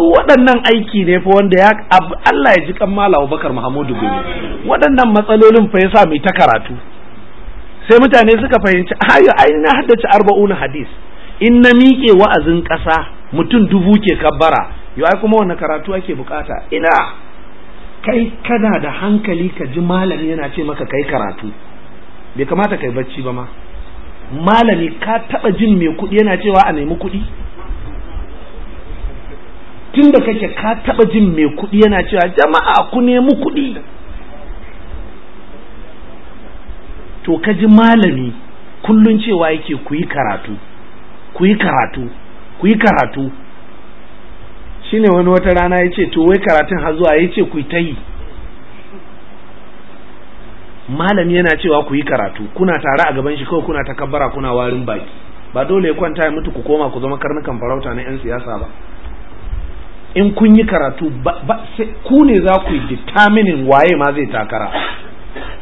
waɗannan aiki ne fa wanda ya Allah ya ji kan Malam Abubakar Muhammadu Gumi waɗannan matsalolin fa yasa mai ta karatu sai mutane suka fahimci ayo ai na haddace arba'una hadis in na miƙe wa'azin ƙasa mutum dubu ke kabbara yo ai kuma wannan karatu ake bukata ina kai kana da hankali ka ji malami yana ce maka kai karatu bai kamata kai bacci ba ma malami ka taba jin mai kuɗi yana cewa a nemi kuɗi tun da kake ka taba jin mai kuɗi yana cewa jama'a ku nemi kuɗi to ka ji malami kullum cewa yake ku yi karatu ku yi karatu ku yi karatu shine wani wata rana ya ce to wai karatun har zuwa ya ce ku ta yi malami yana cewa ku yi karatu kuna tare a gaban shi kawai kuna ta kabara kuna warin baki ba dole ya kwanta ya mutu ku koma ku zama karnukan farauta na 'yan siyasa ba in kun yi karatu ba ku ne za ku yi determining waye ma zai takara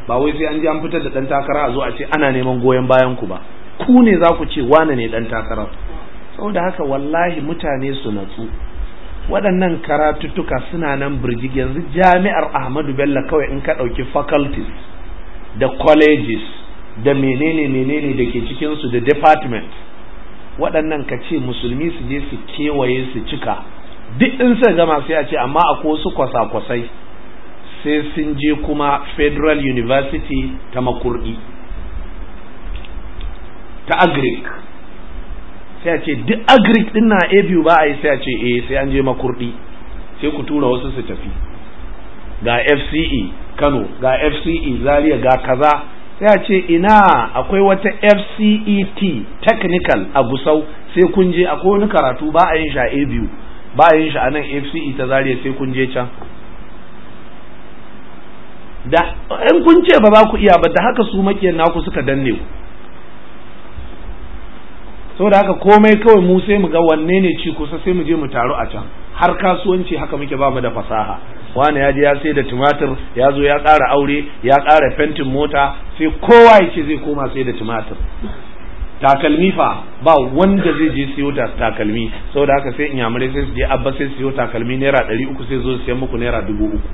ba wai sai an ji an fitar da dan takara a zo a ce ana neman goyon bayan ku ba ku ne za ku ce wane ne dan takarar saboda haka wallahi mutane su natsu waɗannan karatuttuka suna nan birjik yanzu jami'ar ahmadu bello kawai in ka ɗauki faculties da colleges da menene menene da ke cikinsu da department waɗannan ka ce musulmi su je su kewaye su cika duk in sai gama sai a ce amma akwai wasu kwasa-kwasai sai sun je kuma federal university ta makurdi ta agric sai a ce duk agric din na a biyu ba a yi sai a ce eh sai an je makurdi sai ku tura wasu su tafi ga fce kano ga fce zaria ga kaza sai a ce ina akwai wata fcet technical a gusau sai kun je akwai wani karatu ba a yin sha a biyu ba yin shi a nan fce ta zariya sai kun je can da in kun ce ba ba ku iya ba da haka su makiyan naku suka danne ku da haka komai kawai mu sai mu ga wanne ne ci kusa sai mu je mu taru a can har kasuwanci haka muke ba mu da fasaha wani ya je ya sai da tumatir ya zo ya ƙara aure ya ƙara fentin mota sai kowa ya ce zai koma sai da tumatir takalmi fa ba wanda zai je siyo takalmi saboda haka sai in yamare sai su je abba sai siyo takalmi naira ɗari uku sai zo siyan muku naira dubu uku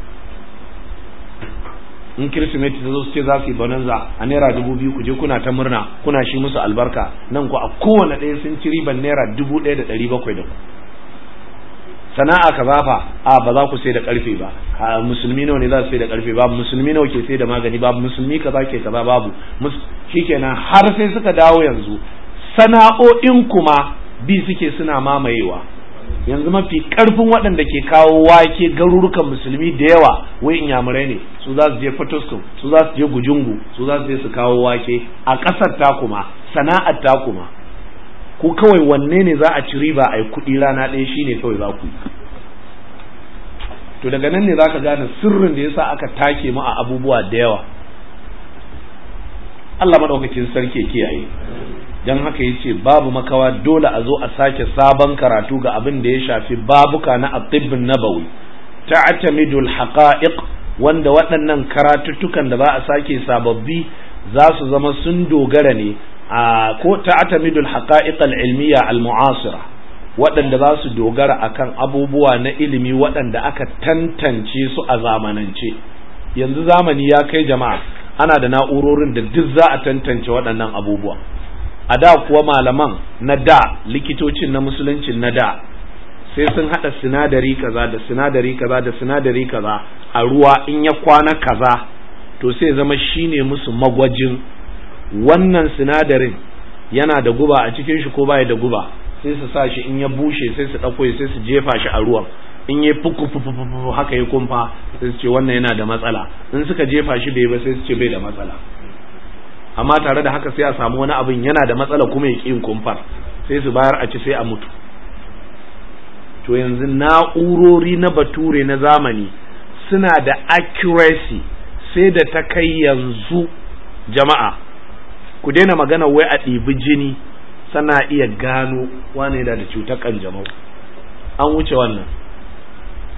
in kirsimeti ta zo su ce za su yi bananza a naira dubu biyu ku je kuna ta murna kuna shi musu albarka nan ku a kowane ɗaya sun ci riban naira dubu ɗaya da ɗari bakwai da ku sana'a ka zafa a ba za ku sai da karfe ba a musulmi nawa ne za su sai da karfe ba musulmi nawa ke sai da magani ba musulmi kaza ke kaza babu shikenan har sai suka dawo yanzu sana'o'in kuma bi suke suna mamayewa yanzu mafi karfin waɗanda ke kawo wake garurukan musulmi da yawa wai inyamurai ne su za su je fatoskum su za su je gujungu su za su je su kawo wake a ƙasar ta kuma sana'ar ta kuma Ku kawai wanne ne za a ci riba a yi kuɗi rana ɗaya shi ne kawai za ku yi to daga nan ne za ka gane sirrin da yasa aka take mu a abubuwa da yawa Allah maɗaukacin sarki kiyaye don haka ya ce babu makawa dole a zo a sake sabon karatu ga abin da ya shafi babuka na atibin nabawi ta'tamidul haqa'iq wanda waɗannan karatuttukan da ba a sake sababbi za su zama sun dogara ne ko ta'tamidul haqa'iq al-ilmiya al-mu'asira waɗanda za su dogara akan abubuwa na ilimi waɗanda aka tantance su a zamanance yanzu zamani ya kai jama'a ana da na'urorin da duk za a tantance waɗannan abubuwa a da kuwa malaman na da likitocin na musulunci na da sai sun haɗa sinadari kaza da sinadari kaza da sinadari kaza a ruwa in ya kwana kaza to sai zama shine musu magwajin wannan sinadarin yana da guba a cikin shi ko baya da guba sai su sa shi in ya bushe sai su ɗauko sai su jefa shi a ruwan in ya fuku fuku haka ya kumfa sai su ce wannan yana da matsala in suka jefa shi bai ba sai su ce bai da matsala amma tare da haka sai a samu wani abin yana da matsala kuma ya ƙin kumfar sai su bayar a ci sai a mutu to yanzu na'urori na bature na zamani suna da accuracy sai da ta kai yanzu jama'a ku daina magana wai a ɗibi jini sana iya gano wane da da cutar kanjamau an wuce wannan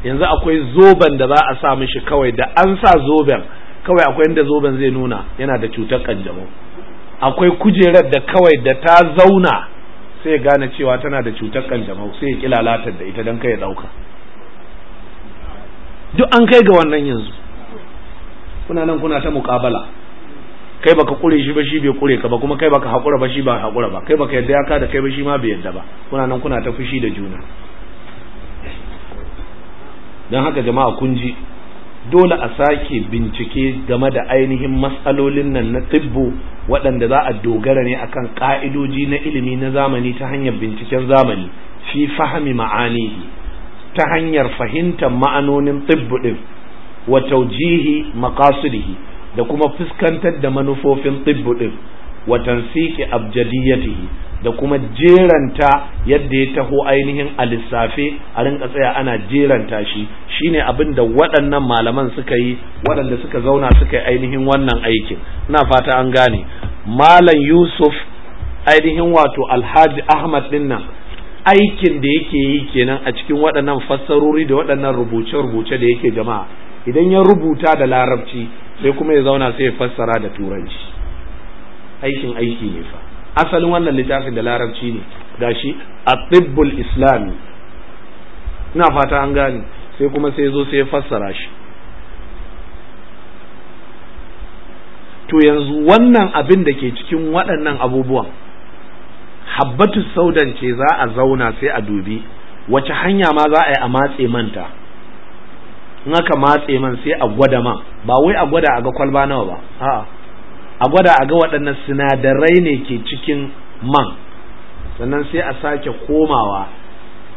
yanzu akwai zoben da za a sa mishi kawai da an sa zoben kawai akwai inda zoben zai nuna yana da cutar kanjamau akwai kujerar da kawai da ta zauna sai gane cewa tana da cutar kanjamau sai ya kilalatar da ita don kai ya dauka duk an kai ga wannan yanzu kuna nan kuna ta muƙabala kai baka kure shi ba shi bai kure ka ba kuma kai baka hakura ba shi ba hakura ba kai baka yadda ya ka da kai ba shi ma bai yadda ba kuna nan kuna ta fushi da juna don haka jama'a kun ji dole a sake bincike game da ainihin matsalolin nan na tibbo waɗanda za a dogara ne akan ƙa'idodi na ilimi na zamani ta hanyar binciken zamani fi fahimi ma'anihi ta hanyar fahimtar ma'anonin tibbo ɗin wa taujihi maqasidihi da kuma fuskantar da manufofin tibbu din wa tansiki abjadiyatihi da kuma jeranta yadda ya taho ainihin a lissafe a rinka tsaya ana jeranta shi shine abin da waɗannan malaman suka yi waɗanda suka zauna suka yi ainihin wannan aikin ina fata an gane malam yusuf ainihin wato alhaji ahmad din nan aikin da yake yi kenan a cikin waɗannan fassarori da waɗannan rubuce-rubuce da yake jama'a idan ya rubuta da larabci sai kuma ya zauna sai ya fassara da turanci aikin aiki ne fa asalin wannan littafin da larabci ne gashi at-tibbul islami ina fata an gane sai kuma sai zo sai ya fassara shi to yanzu wannan abin da ke cikin waɗannan abubuwan habbatu saudan ce za a zauna sai a dubi wace hanya ma za a yi a matse manta in aka matse man sai a gwada man ba wai a gwada a ga kwalba nawa ba a'a a gwada a ga waɗannan sinadarai ne ke cikin man sannan sai a sake komawa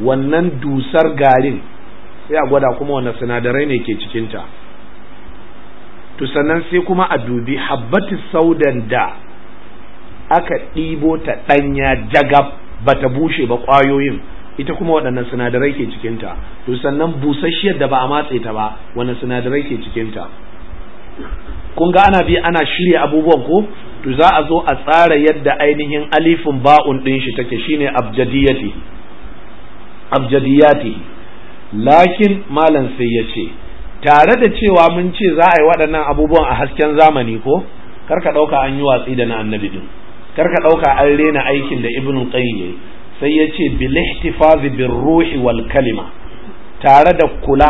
wannan dusar garin sai a gwada kuma wannan sinadarai ne ke cikinta to sannan sai kuma a dubi habbatu saudan da aka ɗibo ta ɗanya jagab bata bushe ba ƙwayoyin ita kuma waɗannan sinadarai ke cikinta to sannan busasshiyar da ba a matse ta ba wani sinadarai ke cikinta kun ga ana bi ana shirya abubuwan ko to za a zo a tsara yadda ainihin alifin ba'un ɗin shi take shine abjadiyati abjadiyati lakin malam sai ya ce tare da cewa mun ce za a yi waɗannan abubuwan a hasken zamani ko karka ɗauka an yi watsi da na annabi din karka ɗauka an rena aikin da ibnu qayyim sai ya ce bilihtifazi bin ruhi wal kalima tare da kula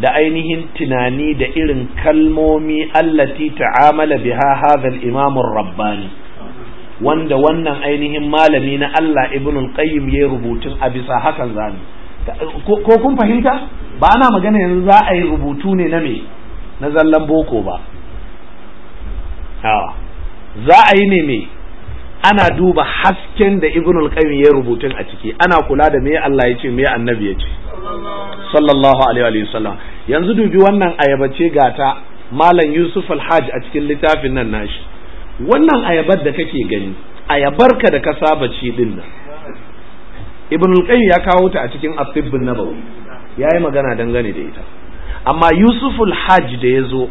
da ainihin tunani da irin kalmomi allati ta'amala biha hadhal imam rabbani wanda wannan ainihin malami na Allah ibn al-qayyim ya rubutun a bisa hakan zani ko kun fahimta ba ana magana yanzu za a yi rubutu ne na me na zallan boko ba za a yi ne me ana duba hasken da ibn qayyim ya rubuta a ciki ana kula da me Allah ya ce me annabi ya ce sallallahu alaihi wa sallam yanzu dubi wannan ayaba ce gata malam yusuf al a cikin littafin nan nashi wannan ayabar da kake gani ayabar ka da ka saba ci din nan ibn qayyim ya kawo ta a cikin at na an-nabawi yayi magana dangane da ita amma yusuf al da da yazo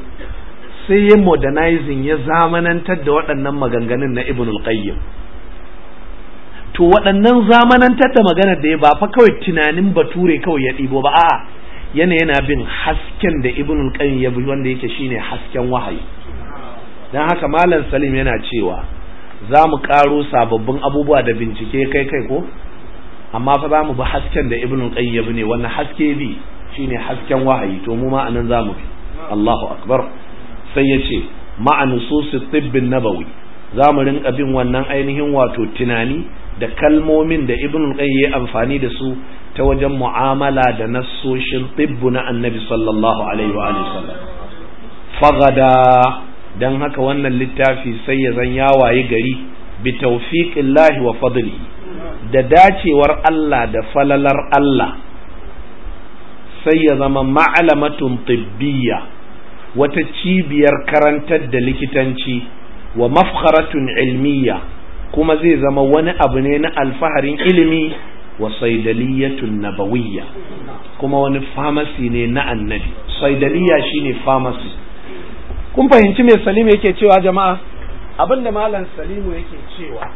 sai ya modernizing ya zamanantar da waɗannan maganganun na ibn al-qayyim to waɗannan zamanantar da maganar da ya ba fa kawai tunanin bature kawai ya ɗibo ba a'a yana yana bin hasken da ibn al-qayyim ya bi wanda yake shine hasken wahayi dan haka malam salim yana cewa za mu karo sababbin abubuwa da bincike kai kai ko amma fa za mu bi hasken da ibn al-qayyim ne wannan haske bi shine hasken wahayi to mu ma anan za mu bi Allahu akbar sai ya ce ma'an su tibbin nabawi za mu rinka bin wannan ainihin wato tunani da kalmomin da ibn qayyim ya amfani da su ta wajen mu'amala da nasoshin tibbu na annabi sallallahu alaihi wa sallam fagada don haka wannan littafi sai ya zan yawaye gari bi lahi wa fadli da dacewar Allah da falalar Allah sai ya zama ma'alamatun tibbiyya wata cibiyar karantar da likitanci wa mafkharatun ilmiya kuma zai zama wani abu ne na alfaharin ilimi wa saidaliyatun nabawiyya kuma wani famasi ne na annabi saidaliya shine famasi kun fahimci me salimu yake cewa jama'a abinda malam salimu yake cewa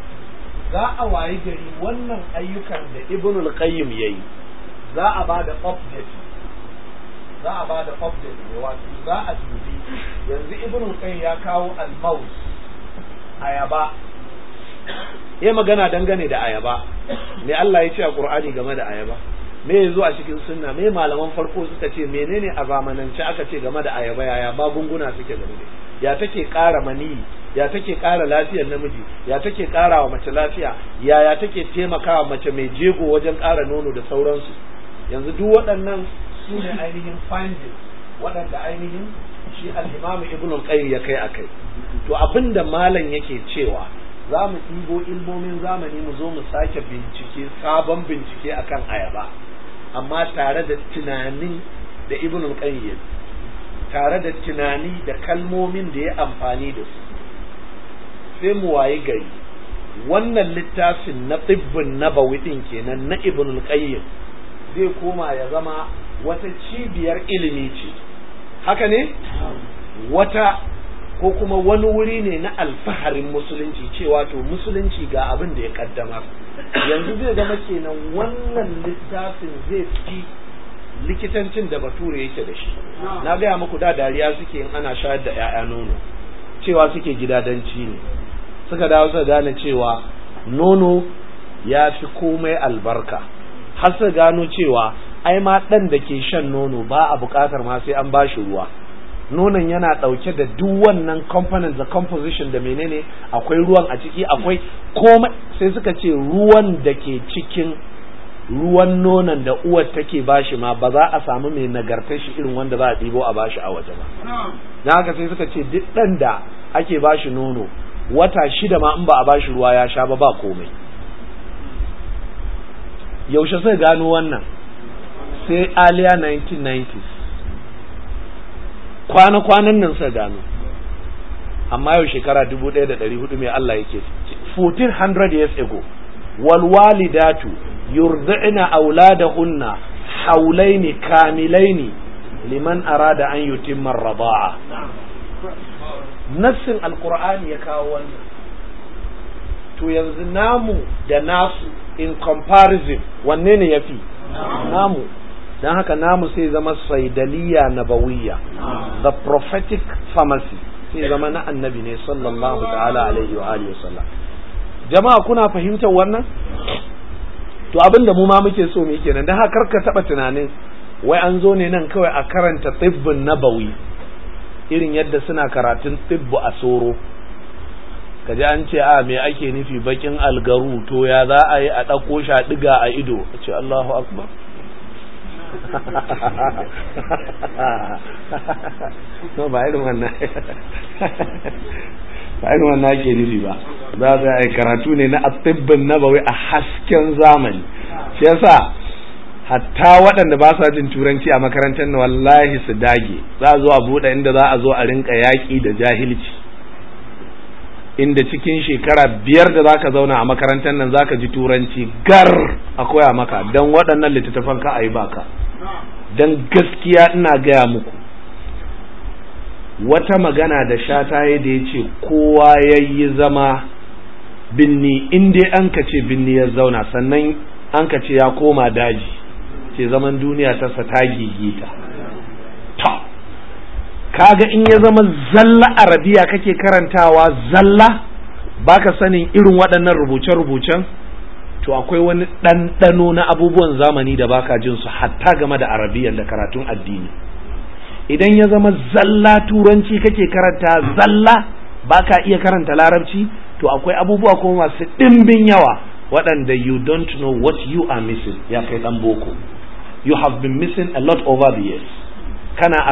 za a wayi gari wannan ayyukan da ibnul qayyim yayi za a ba da update za a ba da da wato za a dubi yanzu ibn kai ya kawo al-maus ayaba ya magana dangane da ayaba me Allah ya ce a Qur'ani game da ayaba me yazo a cikin sunna me malaman farko suka ce menene a zamanance aka ce game da ayaba yaya magunguna suke game da ya take ƙara mani ya take ƙara lafiyar namiji ya take kara wa mace lafiya yaya take taimakawa mace mai jego wajen ƙara nono da sauransu yanzu duk waɗannan su ne ainihin findings waɗanda ainihin shi al-imam ibn al-qayyim ya kai akai to abinda malam yake cewa za mu ɗigo ilmomin zamani mu zo mu sake bincike sabon bincike akan ayaba amma tare da tunanin da ibn qayyim tare da tunani da kalmomin da ya amfani da su sai mu waye gari wannan littafin na tsibbin nabawi din kenan na ibn qayyim zai koma ya zama wata cibiyar ilimi ce haka ne wata ko kuma wani wuri ne na alfaharin musulunci cewa to musulunci ga abin da ya kaddamar yanzu zai zama kenan wannan littafin zai fi likitancin da bature yake da shi na gaya muku da dariya suke in ana shayar da 'ya'ya nono cewa suke gidadanci ne suka dawo suka gane cewa nono ya fi komai albarka har su gano cewa ai ma ɗan da ke shan nono ba a buƙatar ma sai an bashi ruwa nonon yana ɗauke da duk wannan component da composition da menene akwai ruwan a ciki akwai komai sai suka ce ruwan da ke cikin ruwan nonon da uwar take bashi ma ba za a samu mai nagartar shi irin wanda za a ɗibo a bashi a waje ba na haka sai suka ce duk ɗan da ake bashi nono wata shida ma in ba a bashi ruwa ya sha ba ba komai yaushe sai gano wannan sai aliya 1990s kwana-kwanan nan sa gano amma yau shekara 1400 mai Allah yake 1400 years ago walwalidatu yurdi'na auladahunna haulaini kamilaini liman arada an yutimma raba'a ridaa nassin alqur'ani ya kawo wannan to yanzu namu da nasu in comparison wanne ne ya fi? namu don haka namu sai zama saidaliya nabawiyya the prophetic pharmacy sai zama na annabi ne sallallahu ta'ala alaihi wa alihi wasallam jama'a kuna fahimtar wannan to abin da mu ma muke so mu nan, don haka ka taba tunanin wai an zo ne nan kawai a karanta tibbin nabawi irin yadda suna karatun tibbu a soro kaji an ce a me ake nufi bakin algaru to ya za a yi a ɗako sha a ɗiga a ido a ce Allahu akbar to ba irin wannan ba irin wannan ake nufi ba za su yi karatu ne na atibbin nabawi a hasken zamani shi yasa hatta waɗanda ba sa jin turanci a makarantar na wallahi su dage za a zo a buɗe inda za a zo a rinka yaƙi da jahilci inda cikin shekara biyar da zaka zauna a makarantar nan zaka ji turanci gar a koya maka don waɗannan littattafan ka a yi baka don gaskiya ina gaya muku wata magana da shata ya da ya ce kowa ya yi zama binni inda an ka ce binni ya zauna sannan an ka ce ya koma daji ce zaman duniya ta sa ta gigita kaga in ya zama zalla arabiya kake karantawa zalla baka sanin irin waɗannan rubuce-rubucen to akwai wani ɗanɗano na abubuwan zamani da baka jin su hatta game da arabiyan da karatun addini idan ya zama zalla turanci kake karanta zalla baka iya karanta larabci to akwai abubuwa kuma masu ɗimbin yawa waɗanda you don't know what you are missing ya kai ɗan boko you have been missing a lot over the years kana